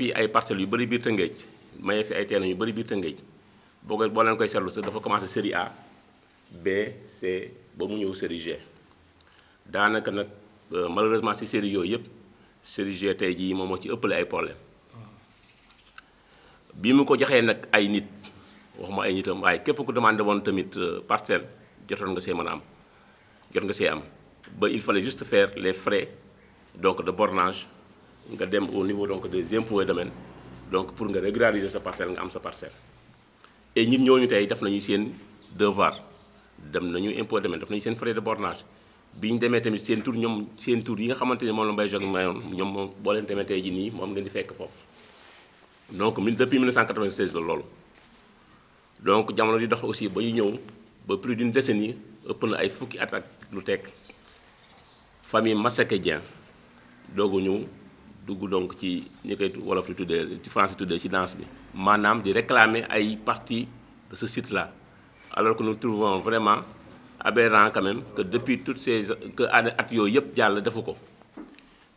Il ay parcelles yu bari biir Tëngéej maye fi ay terrain yu bari biir série A B C ba série G euh, malheureusement si série série G tey jii moom ci ay problème bi mu ko ay nit ay nitam a am jot nga il fallait juste faire les frais donc de bornage nga dem au niveau donc des impôts et domaines donc pour nga régulariser sa parcelle nga am sa parcelle. et ñun ñooñu tey def nañu seen devoir dem nañu impôts et domaine def nañu seen frais de bornage bi ñu demee tamit seen tour ñoom seen tour yi nga xamante ni moom la Mbaye Jacques mayoon ñoom moom boo leen demee tey jii nii moom ngeen di fekk foofu. donc mi depuis 1996 la loolu donc jamono di dox aussi ba ñu ñëw ba plus d'une décennie ëpp na ay fukki at ak lu teg famille Masseké Dieng doogu ñu dugg donc ci ñi koy wolof di tuddee ci français tuddee ci danse bi maanaam di réclamer ay partie de ce site là alors que nous trouvons vraiment aberrant quand même que depuis toutes ces que at yooyu yëpp jàll defu ko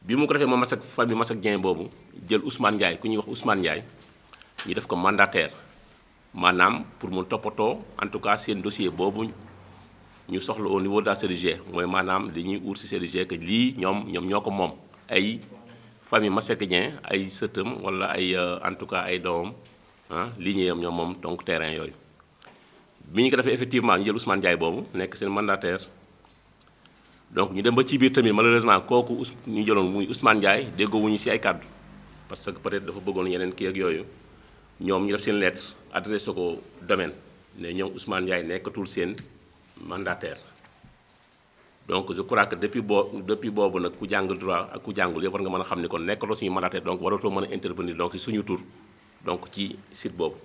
bi mu ko defee moom Massak famille ak Dieng boobu jël Ousmane Ndiaye ku ñuy wax Ousmane Ndiaye ñu def ko mandataire maanaam pour mu toppatoo en tout cas seen dossier boobu ñu soxla au niveau de la CDG mooy maanaam li ñuy uur si CDG que lii ñoom ñoom ñoo ko moom ay famille Masseck Dieng ay sëtam wala ay euh, en tout cas ay doom ah lignée am ñoom moom donc terrain yooyu bi ñu ko def effectivement ñu jël Ousmane Ndiaye boobu nekk seen mandataire donc ñu dem ba ci biir tamit malheureusement kooku us ñu jëloon muy Ousmane Ndiaye déggoo wuñu si ay kàddu parce que peut-être dafa bëggoon yeneen kii ak yooyu ñoom ñu def seen lettre adressé ko domaine ne ñëw Ousmane Ndiaye nekkatul seen mandataire donc je crois que depuis boo depuis bobu nak ku jàng droit ak ku jangul yëpp war nga mën xamni kon nek lo nekkaloo suñu mandataire donc waroto mën intervenir donc ci suñu tour donc ci site bobu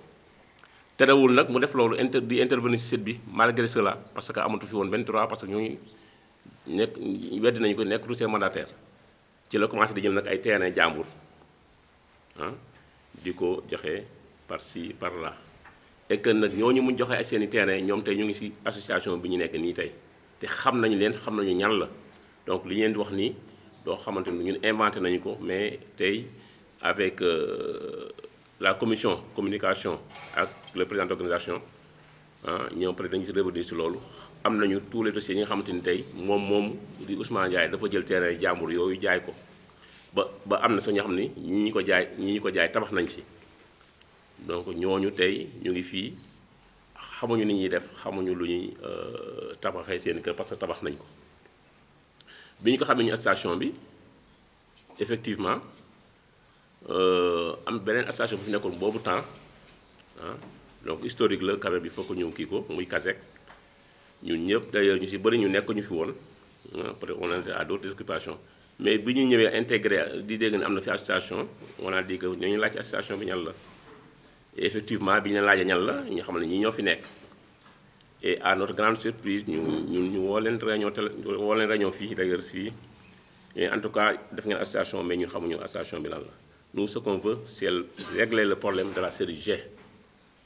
terewul nak mu def lolu inter di intervenir ci site bi malgré cela parce que amatu fi woon 23 parce que ñooñu nek weddi nañu ko nekkatul seen mandataire ci la commencé di jël nak ay terrain jambour hein ah, diko joxé par ci par là et que nak ñooñu mu joxé ay seen terrain ñom tay ñu ngi ci association bi ñu nek ni tay te xam nañu leen xam nañu ñan la donc li ngeen di wax nii doo xamante ni ñun inventé nañu ko mais tey avec euh, la commission communication ak le président d'organisation ah ñoom peut-être dañu si revenir si loolu am nañu tous les dossiers yi nga xamante ni tey moom moom di Ousmane Ndiaye dafa jël terrain jàmbur yooyu jaay ko ba ba am na sax ñoo xam ni ñi ñu ko jaay ñi ñu ko jaay tabax nañ si donc ñooñu tey ñu ngi fii xamuñu ni ñuy def xamuñu lu ñuy euh, tabaxee seen kër parce que tabax nañ ko bi ñu ko xamee ñu station bi effectivement euh, am beneen station bu fi nekkoon boobu temps ah donc historique la quand bi il faut que ñu kii ko muy kazek ñun ñëpp d'ailleurs ñu si bëri ñu nekk ñu fi woon hein, peut être on a à d'autres occupations mais bi ñu ñëwee intégré di dégg ne am na fi station on a dit que ñu laaj station bi ñal la et effectivement bi ñu leen laajee ñan la ñu xam ne ñi ñoo fi nekk et à notre grande surprise ñu ñu ñu woo leen réunion télé woo leen réunion fi d'ailleurs fii et en tout cas def ngeen association mais ñun ñu association bi lan la nous ce qu'on veut c'est régler le problème de la série G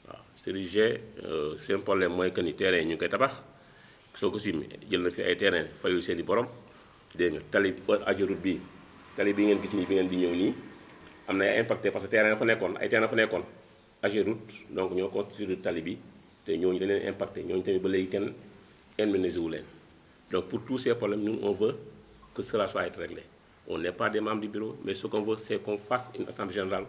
waaw série G euh, c'est un problème mooy que ni terrain ñu koy tabax soko ko simmi jël na fi ay terrain fayul seen borom dégg nga tali ajurut bi tali bi ngeen gis ni bi ngeen di ñëw ni amna impacté parce que terrain fa nekkoon ay terrain fa nekkoon Ageroute donc ñoo le tali bi nous ñu dañ leen impacté ñoo tamit ba léegi kenn indemnisé wu leen donc pour tous ces problèmes nous, on veut que cela soit réglé on n'est pas des membres du bureau mais ce qu'on veut c'est qu'on fasse une assemblée générale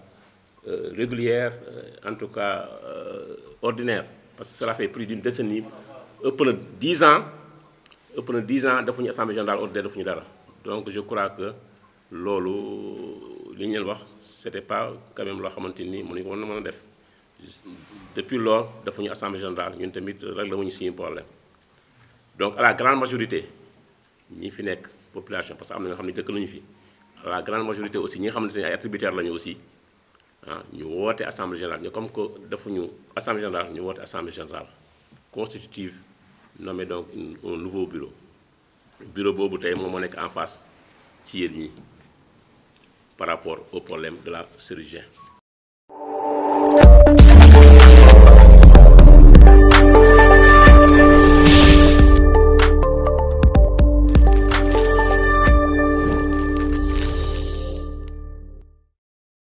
euh, régulière euh, en tout cas euh, ordinaire parce que cela fait plus d'une décennie ëpp de 10 ans ëpp de 10 ans une assemblée générale ordinaire dara donc je crois que lolu li wax c'était pas quand même lo xamanteni ni ko depuis lors defuñu assemblée générale nous tamit réglé un problème donc à la grande majorité ñi fi la population parce que nous savons que nous la grande majorité aussi ñi nga nous sommes ay attributaires aussi nous ah, ñu l'Assemblée assemblée générale Nous, comme que defuñu assemblée générale ñu woote assemblée générale constitutive nommé donc un nouveau bureau Le bureau boobu tey en face ci est par rapport au problème de la chirurgie